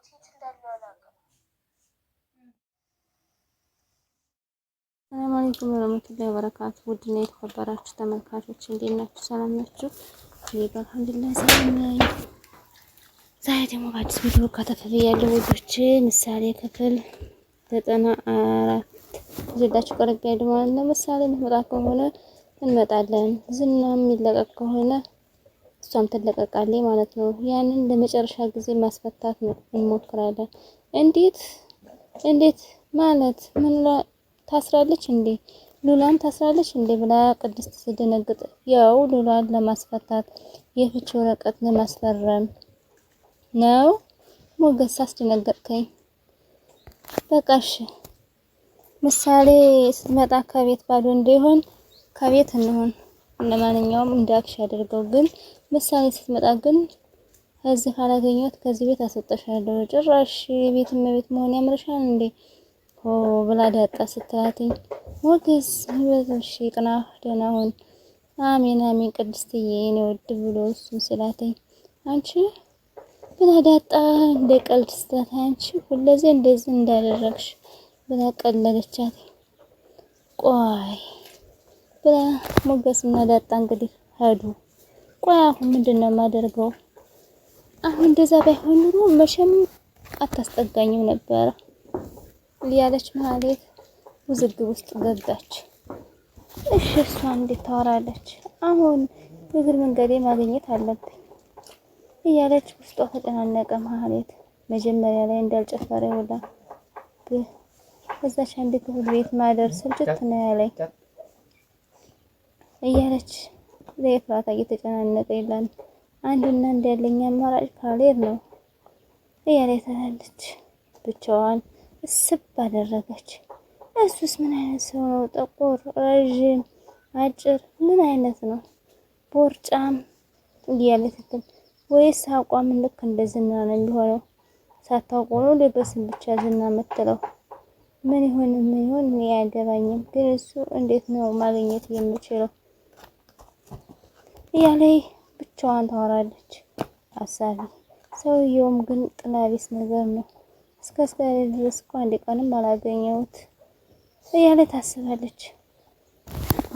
የገባሁት የት እንዳለው አላውቅም። ሰላም አለይኩም ወራህመቱላሂ ወበረካቱ። ውድና የተከበራችሁ ተመልካቾች እንዴት ናችሁ? ሰላም ናችሁ? አልሐምዱሊላህ ሰላም ነኝ። ዛሬ ደግሞ በአዲስ ቪዲዮ ከተፈለ ያለው ውዶች ምሳሌ ክፍል ዘጠና አራት ይዤላችሁ ቀርቤ ማለት ነው። ምሳሌ እንመጣ ከሆነ እንመጣለን። ዝናም ይለቀቅ ከሆነ እሷም ትለቀቃለች ማለት ነው። ያንን ለመጨረሻ ጊዜ ማስፈታት እንሞክራለን። እንዴት እንዴት ማለት ምን ታስራለች እንዴ? ሉላን ታስራለች እንዴ ብላ ቅድስት ስደነግጥ፣ ያው ሉላን ለማስፈታት የፍች ወረቀት ለማስፈረም ነው። ሞገስ አስደነገጥከኝ። በቃሽ ምሳሌ ስትመጣ ከቤት ባዶ እንደሆን ከቤት እንሆን ለማንኛውም እንዳክሽ አድርገው ግን ምሳሌ ስትመጣ ግን ከዚህ ካላገኘሁት ከዚህ ቤት አስወጣሻለሁ። ጭራሽ ቤት እመቤት መሆን ያምርሻል እንዴ? ሆ ብላ ዳጣ ስትላትኝ ሞገስ ህይወትሽ ይቅና፣ ደህና ሁን። አሜን አሜን ቅድስትዬ የኔ ውድ ብሎ እሱም ሲላትኝ አንቺ ብላ ዳጣ እንደ ቀልድ ስትላት አንቺ ሁለዚህ እንደዚህ እንዳደረግሽ ብላ ቀለለቻት። ቆይ ብላ ሞገስ እና ዳጣ እንግዲህ ሄዱ። ቆይ አሁን ምንድን ነው የማደርገው? አሁን እንደዛ ባይሆን ኑሮ መቼም አታስጠጋኝም ነበረ እያለች መሀሌት ውዝግብ ውስጥ ገባች። እሺ እሷ እንዴት ታወራለች? አሁን እግር መንገዴ ማግኘት አለብኝ እያለች ውስጧ ተጨናነቀ። ማለት መጀመሪያ ላይ እንዳልጨፈረ ይውላ እዛች አንድ ክፍል ቤት ማደር ስልችት ነው ያለኝ እያለች ለኤፍራታ እየተጨናነቀ ይላል። አንድና አንድ ያለኝ አማራጭ ካሌብ ነው እያለ ትላለች። ብቻዋን እስብ አደረገች። እሱስ ምን አይነት ሰው ነው? ጥቁር፣ ረዥም፣ አጭር ምን አይነት ነው? ቦርጫም እያለ ወይስ አቋም ልክ እንደ ዝና ነው የሚሆነው? ሳታውቆ ነው ልበስን ብቻ ዝና መትለው? ምን ይሆን ምን ይሆን አያገባኝም፣ ግን እሱ እንዴት ነው ማግኘት የምችለው? እያለ ብቻዋን ታወራለች አሳቢ። ሰውየውም ግን ጥላቢስ ነገር ነው፣ እስከ እስካለ ድረስ እኮ አንድ ቀንም አላገኘሁት እያለ ታስባለች።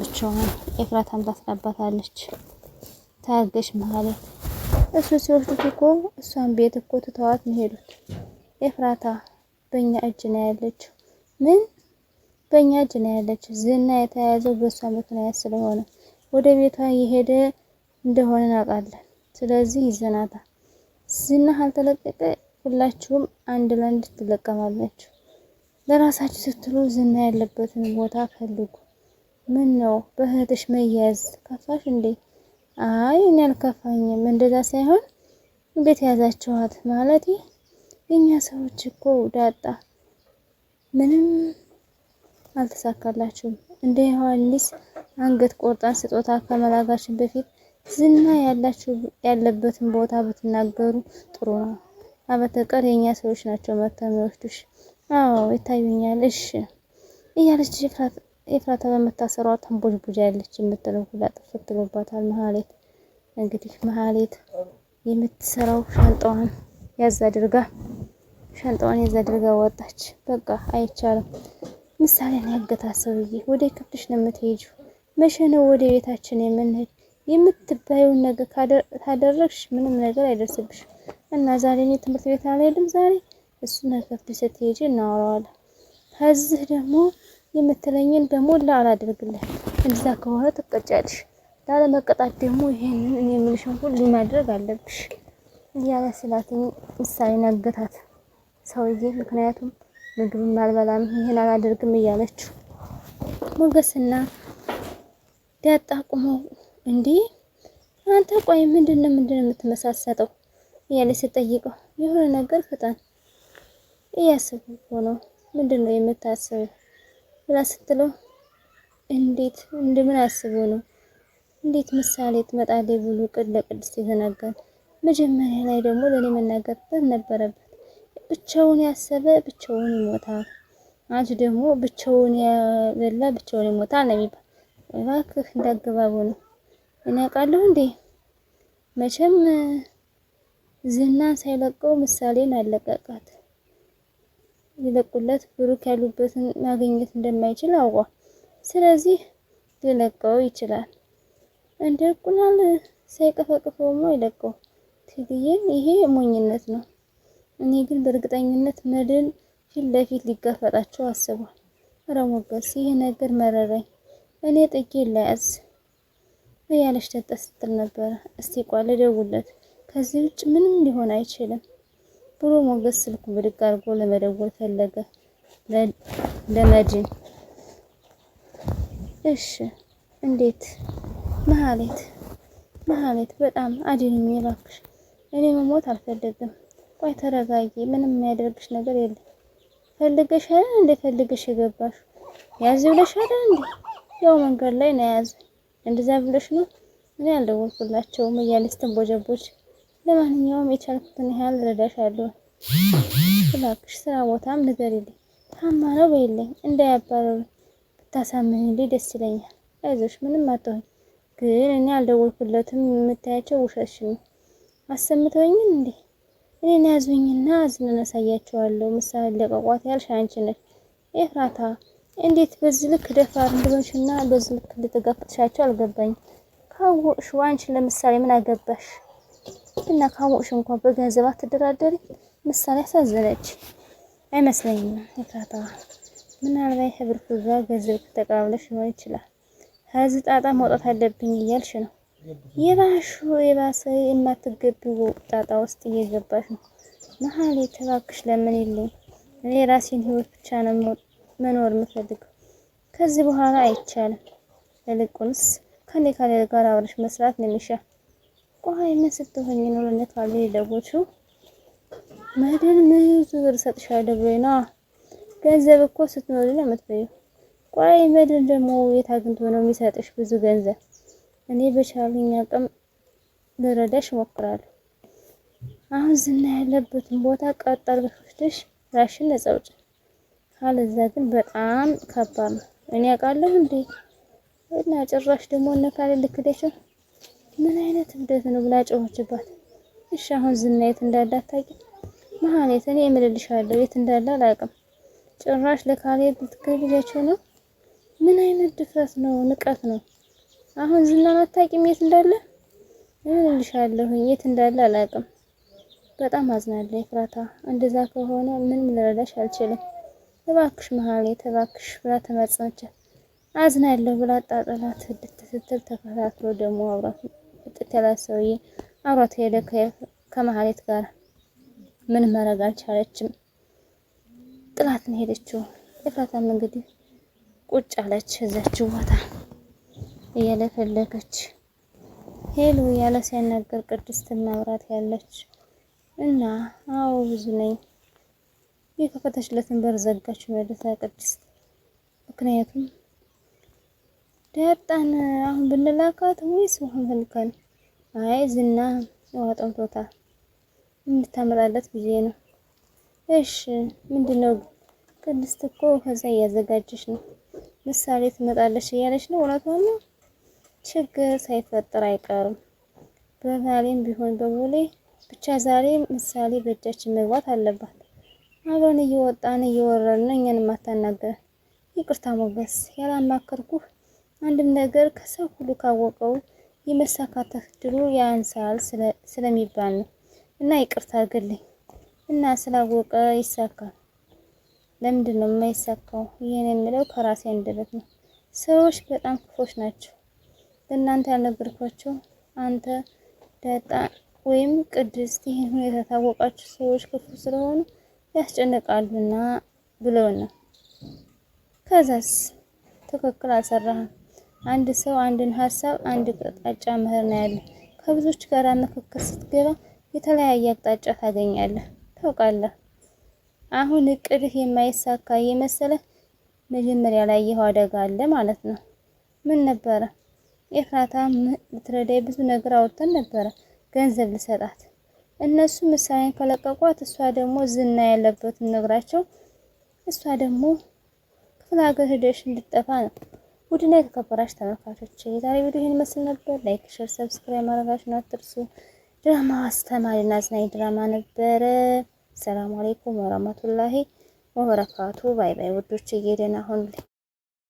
ብቻዋን ኤፍራታም ታስጠባታለች። ታገሽ ማለት እሱ ሲወስዱት እኮ እሷን ቤት እኮ ትተዋት ነው ሄዱት። ኤፍራታ በእኛ እጅ ነው ያለችው። ምን በእኛ እጅ ነው ያለችው? ዝና የተያያዘው በእሷ ምክንያት ስለሆነ ወደ ቤቷ የሄደ እንደሆነ እናውቃለን። ስለዚህ ይዘናታ ዝና አልተለቀቀ ሁላችሁም አንድ ለአንድ ትለቀማላችሁ። ለራሳችሁ ስትሉ ዝና ያለበትን ቦታ ፈልጉ። ምን ነው በእህትሽ መያዝ ከፋሽ እንዴ? አይ እኔ አልከፋኝም። እንደዛ ሳይሆን እንዴት ያዛችኋት ማለት የኛ ሰዎች እኮ ዳጣ ምንም አልተሳካላችሁም። እንደ ዮሐንስ አንገት ቆርጣን ስጦታ ከመላጋችን በፊት ዝና ያላችሁ ያለበትን ቦታ ብትናገሩ ጥሩ ነው። አበተቀር የኛ ሰዎች ናቸው መጥተው የሚወስዱሽ። አዎ ይታዩኛል። እሺ እያለች ኤፍራታ በመታሰሯ ተንቦጅ ቡጃ ያለች የምትለው ሁላ ጥፍት ብሎባታል። መሀሌት እንግዲህ መሀሌት የምትሰራው ሻንጣዋን ያዝ አድርጋ ሻንጣዋን ያዝ አድርጋ ወጣች። በቃ አይቻልም። ነው ያገታ ሰውዬ ወደ ክፍልሽ ነው የምትሄጂው? መቼ ነው ወደ ቤታችን የምንሄድ? የምትባየውን ነገር ካደረግሽ ምንም ነገር አይደርስብሽ እና ዛሬ እኔ ትምህርት ቤት አልሄድም ዛሬ እሱ ነገር ቢሰጥ ሄጄ እናወራዋለን። ከዚህ ደግሞ የምትለኝን በሞላ አላደርግልህ። እንደዛ ከሆነ ትቀጫለሽ። ላለመቀጣት ደግሞ ይሄንን እኔ የምልሽን ሁሉ ማድረግ አለብሽ እያለ ስላትኝ ምሳሌ ነገታት ሰውዬ። ምክንያቱም ምግብም አልበላም ይሄን አላደርግም እያለችው ሞገስና ዳጣ ቁመው እንዲህ አንተ ቆይ ምንድን ነው ምንድን ነው የምትመሳሰጠው እያለች ስጠይቀው የሆነ ነገር ፍጠን እያሰቡ እኮ ነው ምንድን ነው የምታስበው ብላ ስትለው እንዴት እንደምን አስቡ ነው እንዴት ምሳሌ ትመጣለች ብሎ ለቅድስት ይተናገር መጀመሪያ ላይ ደግሞ ለእኔ መናገር ነበረበት ብቻውን ያሰበ ብቻውን ይሞታል አንቺ ደግሞ ብቻውን ያበላ ብቻውን ይሞታል ነው የሚባል እባክህ እንዳገባቡ ነው እኔ አውቃለሁ እንዴ? መቼም ዝናን ሳይለቀው ምሳሌን አለቀቃት። ሊለቁለት ብሩክ ያሉበትን ማግኘት እንደማይችል አውቋል። ስለዚህ ሊለቀው ይችላል። እንደ እንቁላል ሳይቀፈቅፈውማ ይለቀው። ትግዬን ይሄ ሞኝነት ነው። እኔ ግን በእርግጠኝነት መድን ፊት ለፊት ሊጋፈጣቸው አስቧል። ረሞገስ ይሄ ነገር መረረኝ። እኔ ጥጌ ላያዝ እያለች ጠጣ ስትል ነበር። እስቲ ቋል ደውለት፣ ከዚህ ውጭ ምንም ሊሆን አይችልም ብሎ ሞገስ ስልኩ ብድግ አድርጎ ለመደወል ፈለገ ለመድን። እሺ እንዴት መሀሌት መሀሌት በጣም አድንኝ የሚላክሽ እኔ መሞት አልፈልግም። ቆይ ተረጋጊ፣ ምንም የሚያደርግሽ ነገር የለም። ፈልገሽ አይደል እንደ ፈልገሽ የገባሽ ያዝ ብለሽ አይደል እንዴ? ያው መንገድ ላይ ነው ያዝ እንደዛ ብለሽ ነው እኔ አልደወልኩላቸውም እያለች ስትንቦጀቦች፣ ለማንኛውም የቻልኩትን ያህል እረዳሻለሁ፣ እባክሽ ስራ ቦታም ንገሪልኝ፣ ታማ ነው በይልኝ፣ እንዳያባረሩ ብታሳምንልኝ ደስ ይለኛል። አይዞሽ ምንም አትሆኝ፣ ግን እኔ አልደወልኩለትም የምታያቸው ውሸትሽ ነው። አሰምተውኝ እንዴ እኔን ያዙኝና አዝነን አሳያቸዋለሁ። ምሳሌ ለቀቋት ያልሽ አንቺ ነሽ ኤፍራታ እንዴት በዚህ ልክ ደፋር እና በዚህ ልክ እንደተጋፈጥሻቸው አልገባኝም። ካወቅሽ ዋንሽ ለምሳሌ ምን አገባሽ? እና ካወቅሽ እንኳን በገንዘብ አትደራደሪ። ምሳሌ አሳዘነች አይመስለኝም። ይካታ ምናልባት ህብር ፍዛ ገንዘብ ከተቀባብለሽ ሊሆን ይችላል። ከዚህ ጣጣ መውጣት አለብኝ እያልሽ ነው። የባሹ የባሰ የማትገቢው ጣጣ ውስጥ እየገባሽ ነው። መሀል የተባክሽ ለምን የለኝ እኔ የራሴን ህይወት ብቻ ነው መኖር የምፈልገው። ከዚህ በኋላ አይቻልም። ይልቁንስ ከኔ ካሌብ ጋር አብረሽ መስራት ነው የሚሻ። ቆይ ምን ስትሆኝ ነው ለኔ ካሌብ ደጎቹ መድን ምን ብር ሰጥሻለሁ ደብሬና ነዋ። ገንዘብ እኮ ስትኖሪ ነው የምትበይው። ቆይ መድን ደግሞ የት አግኝቶ ነው የሚሰጥሽ ብዙ ገንዘብ? እኔ በቻለኝ አቅም ልረዳሽ እሞክራለሁ። አሁን ዝና ያለበትን ቦታ ቀጥ አድርገሽ ራሽን ነጻ አውጪ። አለዛ ግን በጣም ከባድ ነው። እኔ አውቃለሁ እንዴ እና ጭራሽ ደግሞ እነካለ ልክደችው ምን አይነት እብደት ነው ብላ ጮኸችባት። እሺ አሁን ዝና የት እንዳለ አታውቂም? መሀሌት እኔ እምልልሻለሁ የት እንዳለ አላውቅም። ጭራሽ ለካለ ልትክደችው ነው። ምን አይነት ድፍረት ነው፣ ንቀት ነው። አሁን ዝናን አታውቂም? የት እንዳለ እምልልሻለሁ የት እንዳለ አላውቅም። በጣም አዝናለሁ ፍራታ። እንደዛ ከሆነ ምንም ልረዳሽ አልችልም። እባክሽ መሀሌት እባክሽ ብላ ተማጸነቻት። አዝናለሁ ብላ ጣጣላት ስድስት ስትል ተከታትሎ ደግሞ አብሯት ጥጥ ያላት ሰውዬ አብሯት ሄደ ከመሀሌት ጋር ምን ማድረግ አልቻለችም። ነው ሄደችው። ኤፍራታም እንግዲህ ቁጭ አለች እዛችው ቦታ እያለ ፈለገች። ሄሎ ያለ ሲያናገር ቅድስት ማብራት ያለች እና አዎ ብዙ ነኝ የከፈተችለትን በር ዘጋች ወደታ ቅድስት። ምክንያቱም ዳጣን አሁን ብንላካት ወይስ ውሃን ብንልካን? አይ ዝና ውሃ እንድታመጣለት ብዬ ነው። እሺ ምንድነው? ቅድስት እኮ ከዛ እያዘጋጀች ነው። ምሳሌ ትመጣለች እያለች ነው። እውነቷን ነው። ችግር ሳይፈጠር አይቀርም። በዛሬም ቢሆን በቦሌ ብቻ ዛሬ ምሳሌ በእጃችን መግባት አለባት። አብረን እየወጣን እየወረርን እኛን ማታናገር ይቅርታ ሞገስ፣ ያላማከርኩህ አንድም ነገር ከሰው ሁሉ ካወቀው የመሳካት እድሉ ያንሳል ስለሚባል ነው። እና ይቅርታ አድርግልኝ እና ስላወቀ ይሳካል። ለምንድን ነው የማይሳካው? ይህን የምለው ከራሴ አንደበት ነው። ሰዎች በጣም ክፎች ናቸው። ለእናንተ ያልነገርኳቸው አንተ ዳጣ ወይም ቅድስት ይህን ሁኔታ ታወቃችሁ ሰዎች ክፉ ስለሆኑ ያስጨንቃሉና ነው። ከዛስ ትክክል አልሰራህም። አንድ ሰው አንድን ሀሳብ አንድ አቅጣጫ መህር ነው ያለ። ከብዙዎች ጋር ምክክር ስትገባ የተለያየ አቅጣጫ ታገኛለህ፣ ታውቃለህ። አሁን እቅድህ የማይሳካ የመሰለ መጀመሪያ ላይ ያየኸው አደጋ አለ ማለት ነው። ምን ነበረ? ኤፍራታ ልትረዳይ ብዙ ነገር አውርተን ነበረ ገንዘብ ልሰጣት እነሱ ምሳሌን ከለቀቋት እሷ ደግሞ ዝና ያለበትን ነግራቸው እሷ ደግሞ ክፍለ ሀገር ሄደሽ እንድጠፋ ነው። ውድና የተከበራችሁ ተመልካቾች የዛሬ ቪዲዮ ይህን መስል ነበር። ላይክ፣ ሼር፣ ሰብስክራይብ ማድረጋችሁን አትርሱ። ድራማ አስተማሪና አዝናኝ ድራማ ነበረ። ሰላም አለይኩም ወራህመቱላሂ ወበረካቱ። ባይ ባይ ውዶች እየደና ሁኑልኝ።